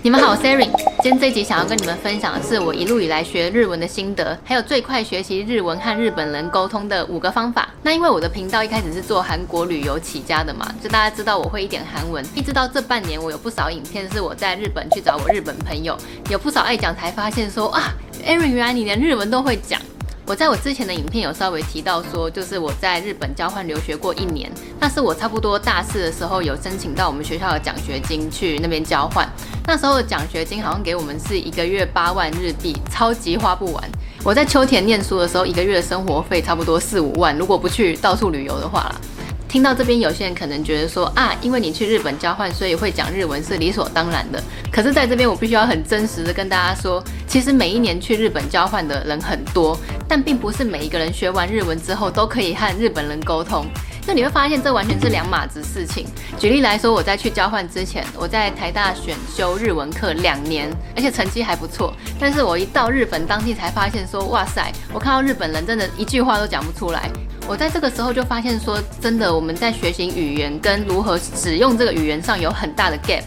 你們好，我是 Erin。今天這集想要跟你們分享的是我一路以來學日文的心得，還有最快學習日文和日本人溝通的五個方法。那因為我的頻道一開始是做韓國旅遊起家的嘛，就大家知道我會一點韓文，一直到這半年，我有不少影片是我在日本去找我日本朋友，有不少愛講才發現說啊，Erin，原來你連日文都會講。我在我之前的影片有稍微提到說，就是我在日本交換留學過一年，那是我差不多大四的時候有申請到我們學校的獎學金去那邊交換。那時候的獎學金好像給我們是一個月八萬日幣，超級花不完。我在秋田念書的時候，一個月生活費差不多四五萬，如果不去到處旅遊的話啦。聽到這邊有些人可能覺得說啊，因為你去日本交換，所以會講日文是理所當然的。可是在這邊我必須要很真實的跟大家說。其實每一年去日本交換的人很多，但並不是每一個人學完日文之後都可以和日本人溝通。那你會發現，這完全是兩碼子事情。舉例來說，我在去交換之前，我在台大選修日文課兩年，而且成績還不錯。但是我一到日本當地，才發現說，哇塞，我看到日本人真的一句話都講不出來。我在這個時候就發現說，真的我們在學習語言跟如何使用這個語言上有很大的 gap。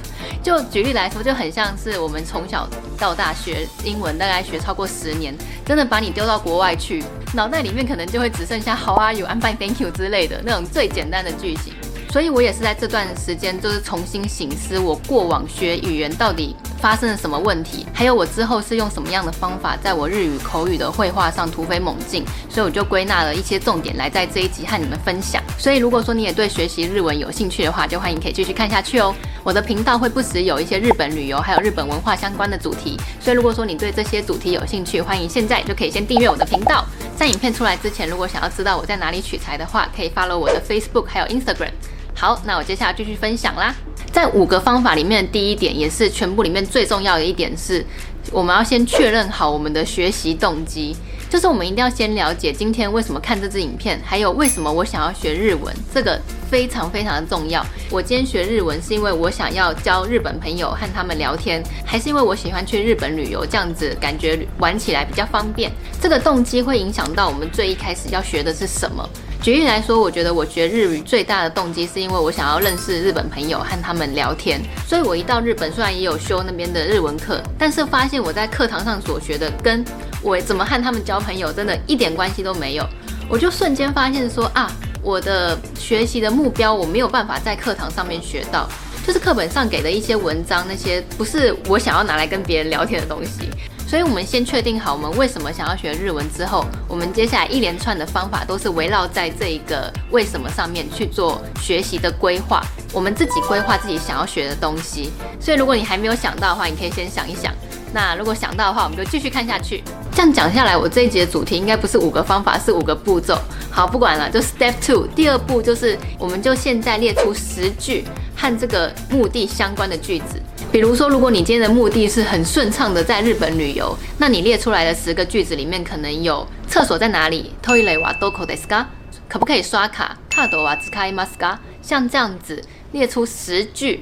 就舉例來說，就很像是我們從小到大學英文，大概學超過十年，真的把你丟到國外去，腦袋裡面可能就會只剩下 How are you? I'm fine, thank you 之類的那種最簡單的句型。所以我也是在這段時間，就是重新省思我過往學語言到底。發生了什麼問題？還有我之後是用什麼樣的方法，在我日語口語的會話上突飛猛進？所以我就歸納了一些重點來在這一集和你們分享。所以如果說你也對學習日文有興趣的話，就歡迎可以繼續看下去哦。我的頻道會不時有一些日本旅遊還有日本文化相關的主題，所以如果說你對這些主題有興趣，歡迎現在就可以先訂閱我的頻道。在影片出來之前，如果想要知道我在哪裡取材的話，可以 follow 我的 Facebook 還有 Instagram。好，那我接下來繼續分享啦。在五個方法裡面，第一點也是全部裡面最重要的一點是，我們要先確認好我們的學習動機，就是我們一定要先了解今天為什麼看這支影片，還有為什麼我想要學日文，這個非常非常的重要。我今天學日文是因為我想要交日本朋友和他們聊天，還是因為我喜歡去日本旅遊，這樣子感覺玩起來比較方便。這個動機會影響到我們最一開始要學的是什麼。舉例來說，我覺得我學日語最大的動機是因為我想要認識日本朋友，和他們聊天。所以，我一到日本，雖然也有修那邊的日文課，但是發現我在課堂上所學的，跟我怎麼和他們交朋友，真的一點關係都沒有。我就瞬間發現說啊，我的學習的目標，我沒有辦法在課堂上面學到，就是課本上給的一些文章，那些不是我想要拿來跟別人聊天的東西。所以，我們先確定好我們為什麼想要學日文之後，我們接下來一連串的方法都是圍繞在這一個為什麼上面去做學習的規劃。我們自己規劃自己想要學的東西。所以，如果你還沒有想到的話，你可以先想一想。那如果想到的話，我們就繼續看下去。這樣講下來，我這一集的主題應該不是五個方法，是五個步驟。好，不管了，就 Step Two，第二步就是，我們就現在列出十句和這個目的相關的句子。比如說，如果你今天的目的是很順暢的在日本旅遊，那你列出來的十個句子裡面，可能有廁所在哪裡，トイレはどこですか？可不可以刷卡，カードは使えますか？像這樣子列出十句。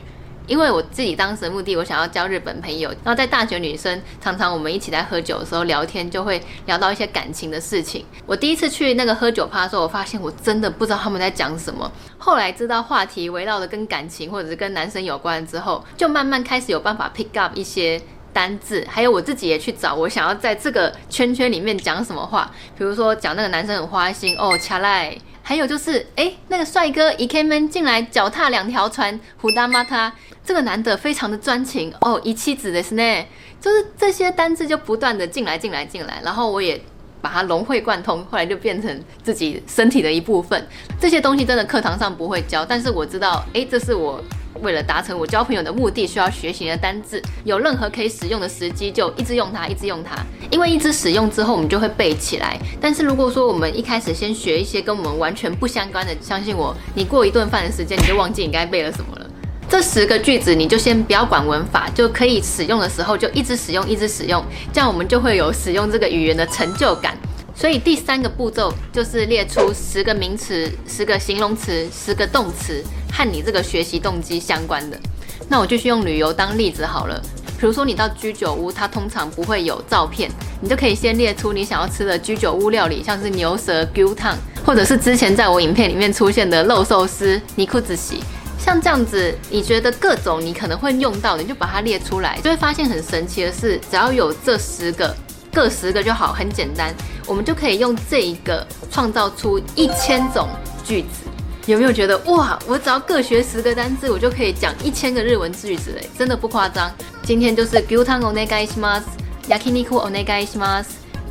因為我自己當時的目的，我想要交日本朋友。然後在大學，女生常常我們一起在喝酒的時候聊天，就會聊到一些感情的事情。我第一次去那個喝酒趴的時候，我發現我真的不知道他們在講什麼。後來知道話題圍繞的跟感情或者是跟男生有關之後，就慢慢開始有辦法 pick up 一些。單字，還有我自己也去找，我想要在這個圈圈裡面講什麼話，比如說講那個男生很花心哦，チャラい。還有就是哎，那個帥哥一開門進來，腳踏兩條船，ふたまた，這個男的非常的專情哦，ひとすじですね，就是這些單字就不斷的進來進來進來，進來，然後我也把它融會貫通，後來就變成自己身體的一部分。這些東西真的課堂上不會教，但是我知道，哎，這是我。為了達成我交朋友的目的，需要學習的單字，有任何可以使用的時機就一直用它，一直用它，因為一直使用之後，我們就會背起來。但是如果說我們一開始先學一些跟我們完全不相關的，相信我，你過一頓飯的時間，你就忘記你該背了什麼了。這十個句子，你就先不要管文法，就可以使用的時候就一直使用，一直使用，這樣我們就會有使用這個語言的成就感。所以第三個步驟就是列出十個名詞、十個形容詞、十個動詞。和你這個學習動機相關的，那我就去用旅遊當例子好了。比如說你到居酒屋，它通常不會有照片，你就可以先列出你想要吃的居酒屋料理，像是牛舌牛燙，或者是之前在我影片裡面出現的肉壽司、尼庫子席。像這樣子，你覺得各種你可能會用到的，你就把它列出來，就會發現很神奇的是，只要有這十個，各十個就好，很簡單，我們就可以用這一個創造出一千種句子。有沒有覺得哇？我只要各學十個單字，我就可以講一千個日文句子嘞！真的不誇張。今天就是 GYUDON ONEGAI SHIMAS YAKINIKU ONEGAI SHIMAS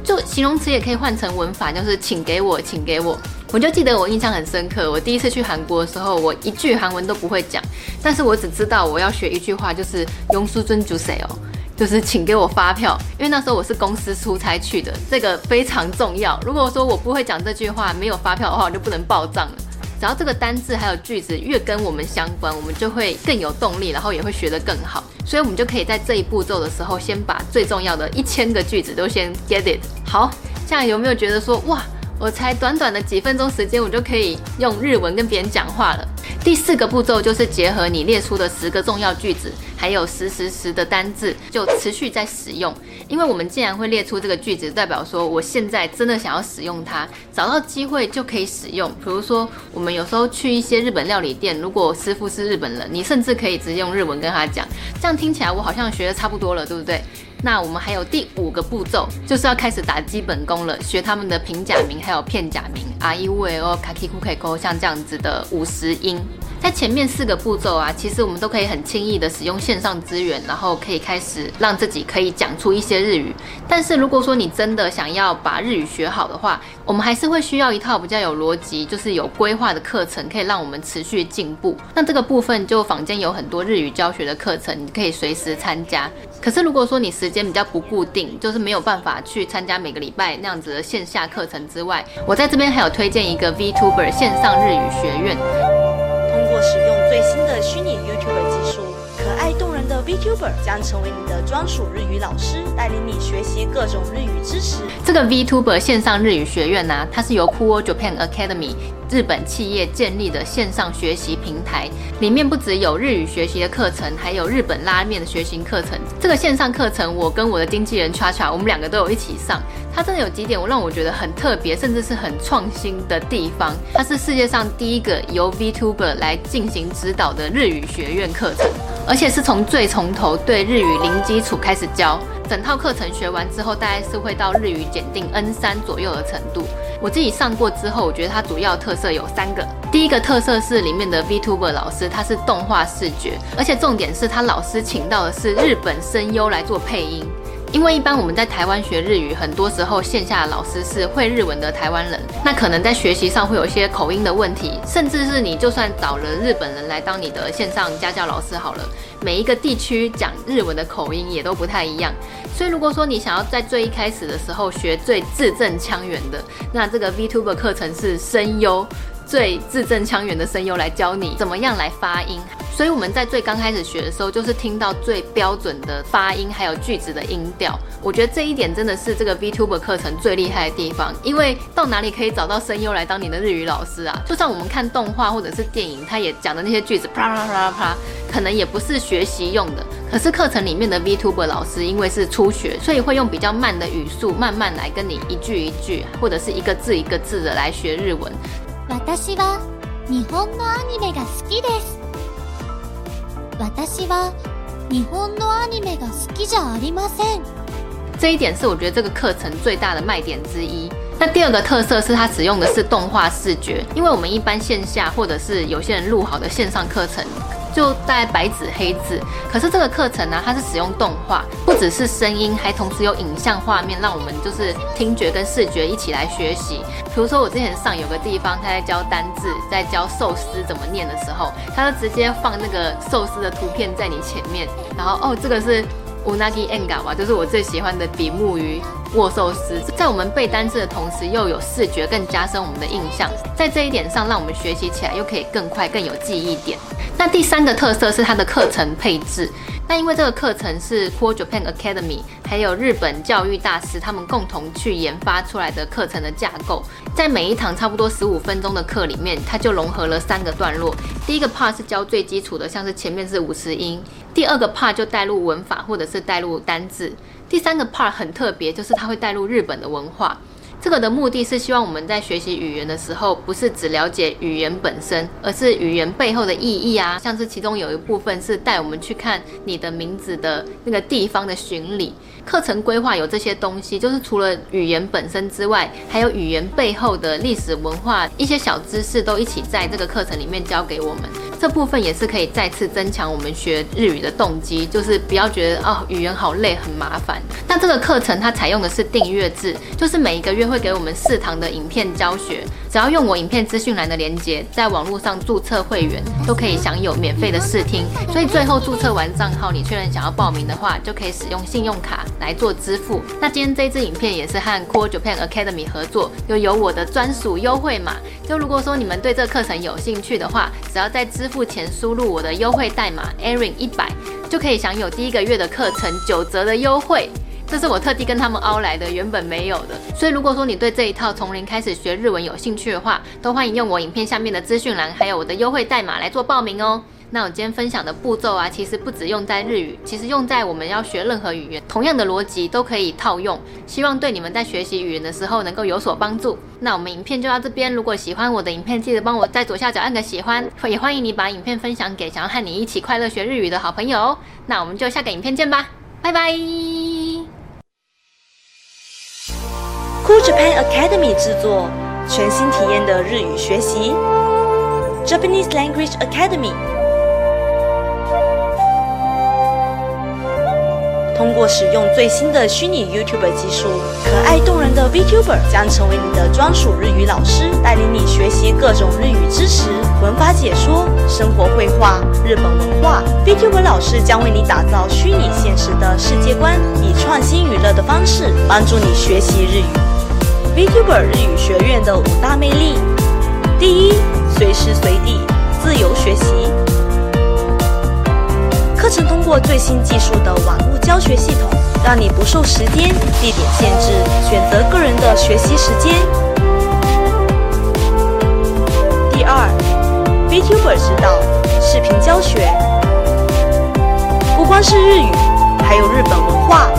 就形容詞也可以換成文法，就是請給我，請給我。我就記得我印象很深刻，我第一次去韓國的時候，我一句韓文都不會講，但是我只知道我要學一句話，就是 YONGSUJUN JUSEYO」，就是請給我發票。因為那時候我是公司出差去的，這個非常重要。如果說我不會講這句話，沒有發票的話，我就不能報賬了。只要這個單字還有句子越跟我們相關，我們就會更有動力，然後也會學得更好。所以，我們就可以在這一步驟的時候，先把最重要的一千個句子都先 get it。好，現在有沒有覺得說，哇，我才短短的幾分鐘時間，我就可以用日文跟別人講話了？第四個步驟就是結合你列出的十個重要句子，還有十十十的單字，就持續在使用。因為我們既然會列出這個句子，代表說我現在真的想要使用它，找到機會就可以使用。比如說，我們有時候去一些日本料理店，如果師傅是日本人，你甚至可以直接用日文跟他講，這樣聽起來我好像學得差不多了，對不對？那我們還有第五個步驟，就是要開始打基本功了，學他們的平假名還有片假名，啊，いうえお，かきくけこ，像這樣子的五十音。在前面四個步驟啊，其實我們都可以很輕易的使用線上資源，然後可以開始讓自己可以講出一些日語。但是如果說你真的想要把日語學好的話，我們還是會需要一套比較有邏輯、就是有規劃的課程，可以讓我們持續進步。那這個部分就坊間有很多日語教學的課程，你可以隨時參加。可是如果說你時間比較不固定，就是沒有辦法去參加每個禮拜那樣子的線下課程之外，我在這邊還有推薦一個 VTuber 線上日語學院。或使用最新的虛擬 YouTuber 技術。Vtuber 將成為你的專屬日語老師，帶領你學習各種日語知識。這個 Vtuber 線上日語學院呢、啊，它是由 Cool Japan Academy 日本企業建立的線上學習平台，裡面不只有日語學習的課程，還有日本拉麵的學習課程。這個線上課程，我跟我的經紀人 ChaCha 我們兩個都有一起上。它真的有幾點我讓我覺得很特別，甚至是很創新的地方。它是世界上第一個由 Vtuber 來進行指導的日語學院課程。而且是從最從頭對日語零基礎開始教，整套課程學完之後，大概是會到日語檢定 N3 左右的程度。我自己上過之後，我覺得它主要特色有三個。第一個特色是裡面的 VTuber 老師，他是動畫視覺，而且重點是他老師請到的是日本聲優來做配音。因為一般我們在台灣學日語，很多時候線下的老師是會日文的台灣人。那可能在學習上會有一些口音的問題，甚至是你就算找了日本人來當你的線上家教老師好了，每一個地區講日文的口音也都不太一樣。所以如果說你想要在最一開始的時候學最字正腔圓的，那這個 VTuber 課程是聲優，最字正腔圓的聲優來教你怎麼樣來發音。所以我們在最剛開始學的時候，就是聽到最標準的發音，還有句子的音調。我覺得這一點真的是這個 VTuber 課程最厲害的地方，因為到哪裡可以找到聲優來當你的日語老師啊？就算我們看動畫或者是電影，他也講的那些句子，啪啪啪啪，可能也不是學習用的。可是課程裡面的 VTuber 老師，因為是初學，所以會用比較慢的語速，慢慢來跟你一句一句，或者是一個字一個字的來學日文。私は日本のアニメが好きです。這一點是我覺得這個課程最大的賣點之一。那第二個特色是它使用的是動畫視覺，因為我們一般線下或者是有些人錄好的線上課程。就帶白紙黑字，可是這個課程呢、啊，它是使用動畫，不只是聲音，還同時有影像畫面，讓我們就是聽覺跟視覺一起來學習。比如說我之前上有個地方，他在教單字，在教壽司怎麼念的時候，他就直接放那個壽司的圖片在你前面，然後哦，這個是 Unagi Engawa，就是我最喜歡的比目魚握壽司。在我們背單字的同時，又有視覺，更加深我們的印象，在這一點上，讓我們學習起來又可以更快、更有記憶點。那第三個特色是它的課程配置。那因為這個課程是 Cool Japan Academy，還有日本教育大師他們共同去研發出來的課程的架構，在每一堂差不多十五分鐘的課裡面，它就融合了三個段落。第一個 part 是教最基礎的，像是前面是五十音；第二個 part 就帶入文法或者是帶入單字；第三個 part 很特別，就是它會帶入日本的文化。這個的目的是希望我們在學習語言的時候，不是只了解語言本身，而是語言背後的意義啊。像是其中有一部分是帶我們去看你的名字的那個地方的巡禮。課程規劃有這些東西，就是除了語言本身之外，還有語言背後的歷史文化一些小知識都一起在這個課程裡面教給我們。這部分也是可以再次增強我們學日語的動機，就是不要覺得啊、哦、語言好累很麻煩。那這個課程它採用的是訂閱制，就是每一個月會給我們四堂的影片教學，只要用我影片資訊欄的連接，在網絡上注冊會員，都可以享有免費的試聽。所以最後注冊完賬號，你確認想要報名的話，就可以使用信用卡來做支付。那今天這支影片也是和 Cool Japan Academy 合作，又有我的專屬優惠碼。就如果說你們對這個課程有興趣的話，只要在支付付錢輸入我的優惠代碼 Erin 一百，就可以享有第一個月的課程九折的優惠。這是我特地跟他們凹來的，原本沒有的。所以如果說你對這一套從零開始學日文有興趣的話，都歡迎用我影片下面的資訊欄，還有我的優惠代碼來做報名哦、喔。那我今天分享的步驟啊，其實不只用在日語，其實用在我們要學任何語言，同樣的邏輯都可以套用。希望對你們在學習語言的時候能夠有所幫助。那我們影片就到這邊，如果喜歡我的影片，記得幫我在左下角按個喜歡，也歡迎你把影片分享給想要和你一起快樂學日語的好朋友哦。那我們就下個影片見吧，拜拜。Cool Japan Academy 製作，全新體驗的日語學習，Japanese Language Academy。通過使用最新的虛擬 YouTuber 技術，可愛動人的 VTuber 將成為你的專屬日語老師，帶領你學習各種日語知識、文法解說、生活繪畫、日本文化。VTuber 老師將為你打造虛擬現實的世界觀，以創新娛樂的方式幫助你學習日語。VTuber 日語學院的五大魅力：第一，隨時隨地自由學習。課程通過最新技術的網絡教學系統，讓你不受時間、地點限制，選擇個人的學習時間。第二，Vtuber 指導，視頻教學，不光是日語，還有日本文化、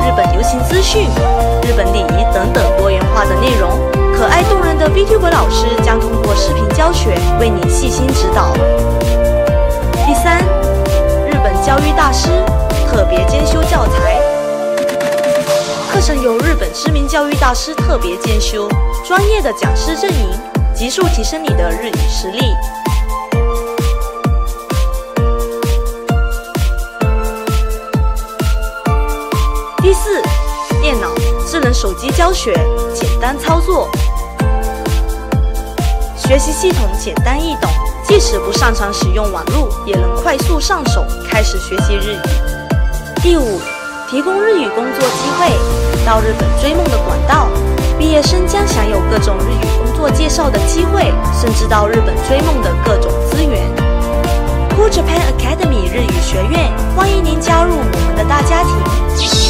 日本流行資訊、日本禮儀等等多元化的內容。可愛動人的 Vtuber 老師將通過視頻教學為你細心指導。第三。教育大師特別監修教材，課程由日本知名教育大師特別監修，專業的講師陣營，極速提升你的日語實力。第四，電腦、智能手機教學簡單操作，學習系統簡單易懂。即使不擅長使用網絡，也能快速上手，開始學習日語。第五，提供日語工作機會，到日本追夢的管道，畢業生將享有各種日語工作介紹的機會，甚至到日本追夢的各種資源。Cool Japan Academy 日語學院，歡迎您加入我們的大家庭。